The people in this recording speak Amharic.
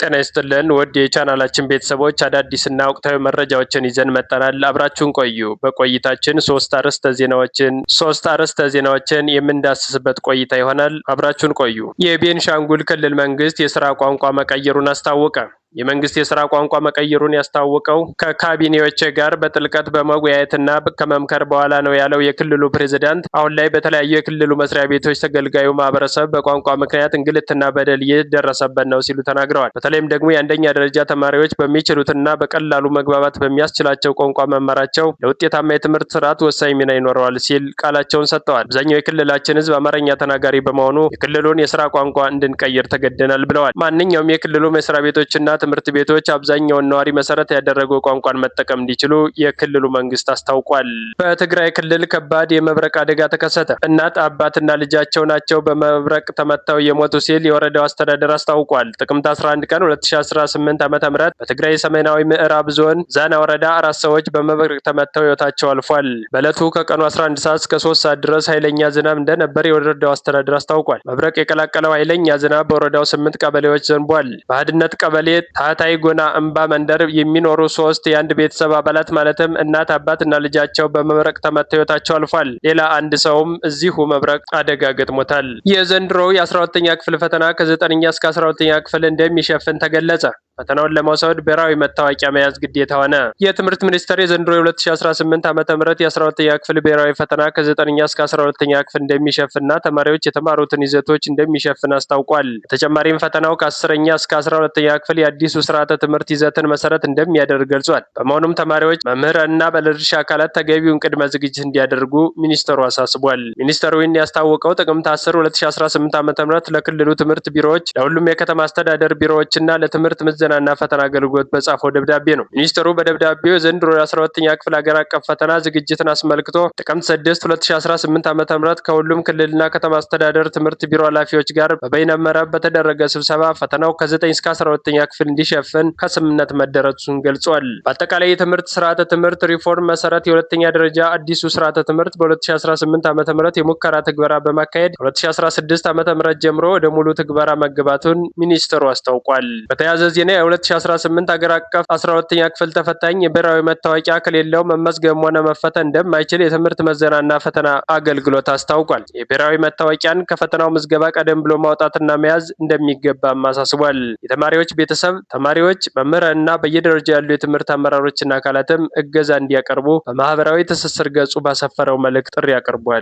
ጤና ይስጥልን ውድ የቻናላችን ቤተሰቦች አዳዲስና ወቅታዊ መረጃዎችን ይዘን መጠናል። አብራችሁን ቆዩ። በቆይታችን ሶስት አርዕስተ ዜናዎችን ሶስት አርዕስተ ዜናዎችን የምንዳስስበት ቆይታ ይሆናል። አብራችሁን ቆዩ። የቤንሻንጉል ክልል መንግስት የስራ ቋንቋ መቀየሩን አስታወቀ። የመንግስት የስራ ቋንቋ መቀየሩን ያስታወቀው ከካቢኔዎች ጋር በጥልቀት በመወያየትና ከመምከር በኋላ ነው ያለው የክልሉ ፕሬዝዳንት። አሁን ላይ በተለያዩ የክልሉ መስሪያ ቤቶች ተገልጋዩ ማህበረሰብ በቋንቋ ምክንያት እንግልትና በደል እየደረሰበት ነው ሲሉ ተናግረዋል። በተለይም ደግሞ የአንደኛ ደረጃ ተማሪዎች በሚችሉትና በቀላሉ መግባባት በሚያስችላቸው ቋንቋ መማራቸው ለውጤታማ የትምህርት ስርዓት ወሳኝ ሚና ይኖረዋል ሲል ቃላቸውን ሰጥተዋል። አብዛኛው የክልላችን ህዝብ አማርኛ ተናጋሪ በመሆኑ የክልሉን የስራ ቋንቋ እንድንቀይር ተገደናል ብለዋል። ማንኛውም የክልሉ መስሪያ ቤቶችና ትምህርት ቤቶች አብዛኛውን ነዋሪ መሰረት ያደረገ ቋንቋን መጠቀም እንዲችሉ የክልሉ መንግስት አስታውቋል። በትግራይ ክልል ከባድ የመብረቅ አደጋ ተከሰተ። እናት አባትና ልጃቸው ናቸው በመብረቅ ተመተው የሞቱ ሲል የወረዳው አስተዳደር አስታውቋል። ጥቅምት 11 ቀን 2018 ዓ ም በትግራይ ሰሜናዊ ምዕራብ ዞን ዛና ወረዳ አራት ሰዎች በመብረቅ ተመተው ህይወታቸው አልፏል። በዕለቱ ከቀኑ 11 ሰዓት እስከ 3 ሰዓት ድረስ ኃይለኛ ዝናብ እንደነበር የወረዳው አስተዳደር አስታውቋል። መብረቅ የቀላቀለው ኃይለኛ ዝናብ በወረዳው ስምንት ቀበሌዎች ዘንቧል። በአድነት ቀበሌ ታህታይ ጎና እምባ መንደር የሚኖሩ ሶስት የአንድ ቤተሰብ አባላት ማለትም እናት፣ አባት እና ልጃቸው በመብረቅ ተመተው ህይወታቸው አልፏል። ሌላ አንድ ሰውም እዚሁ መብረቅ አደጋ ገጥሞታል። የዘንድሮው የ12ኛ ክፍል ፈተና ከ9ኛ እስከ 12ኛ ክፍል እንደሚሸፍን ተገለጸ። ፈተናውን ለመውሰድ ብሔራዊ መታወቂያ መያዝ ግዴታ ሆነ። የትምህርት ሚኒስቴር የዘንድሮ የ2018 ዓ ም የ12ኛ ክፍል ብሔራዊ ፈተና ከ9ኛ እስከ 12ኛ ክፍል እንደሚሸፍንና ተማሪዎች የተማሩትን ይዘቶች እንደሚሸፍን አስታውቋል። በተጨማሪም ፈተናው ከ10ኛ እስከ 12ኛ ክፍል የአዲሱ ስርዓተ ትምህርት ይዘትን መሰረት እንደሚያደርግ ገልጿል። በመሆኑም ተማሪዎች፣ መምህራንና ባለድርሻ አካላት ተገቢውን ቅድመ ዝግጅት እንዲያደርጉ ሚኒስተሩ አሳስቧል። ሚኒስተሩ ይህን ያስታወቀው ጥቅምት 10 2018 ዓ ም ለክልሉ ትምህርት ቢሮዎች፣ ለሁሉም የከተማ አስተዳደር ቢሮዎችና ለትምህርት ምዘና የፈተናና ፈተና አገልግሎት በጻፈው ደብዳቤ ነው። ሚኒስትሩ በደብዳቤው የዘንድሮ የ12ኛ ክፍል ሀገር አቀፍ ፈተና ዝግጅትን አስመልክቶ ጥቅምት 6 2018 ዓ ም ከሁሉም ክልልና ከተማ አስተዳደር ትምህርት ቢሮ ኃላፊዎች ጋር በበይነመረብ በተደረገ ስብሰባ ፈተናው ከ9 እስከ 12ኛ ክፍል እንዲሸፍን ከስምምነት መደረሱን ገልጿል። በአጠቃላይ የትምህርት ስርዓተ ትምህርት ሪፎርም መሰረት የሁለተኛ ደረጃ አዲሱ ስርዓተ ትምህርት በ2018 ዓ ም የሙከራ ትግበራ በማካሄድ 2016 ዓ ም ጀምሮ ወደ ሙሉ ትግበራ መግባቱን ሚኒስትሩ አስታውቋል። በተያያዘ ዜና ኬንያ የ2018 ሀገር አቀፍ 12ኛ ክፍል ተፈታኝ የብሔራዊ መታወቂያ ከሌለው መመዝገብ ሆነ መፈተን እንደማይችል የትምህርት መዘናና ፈተና አገልግሎት አስታውቋል። የብሔራዊ መታወቂያን ከፈተናው ምዝገባ ቀደም ብሎ ማውጣትና መያዝ እንደሚገባም አሳስቧል። የተማሪዎች ቤተሰብ፣ ተማሪዎች፣ መምህራንና በየደረጃ ያሉ የትምህርት አመራሮችና አካላትም እገዛ እንዲያቀርቡ በማህበራዊ ትስስር ገጹ ባሰፈረው መልእክት ጥሪ አቅርቧል።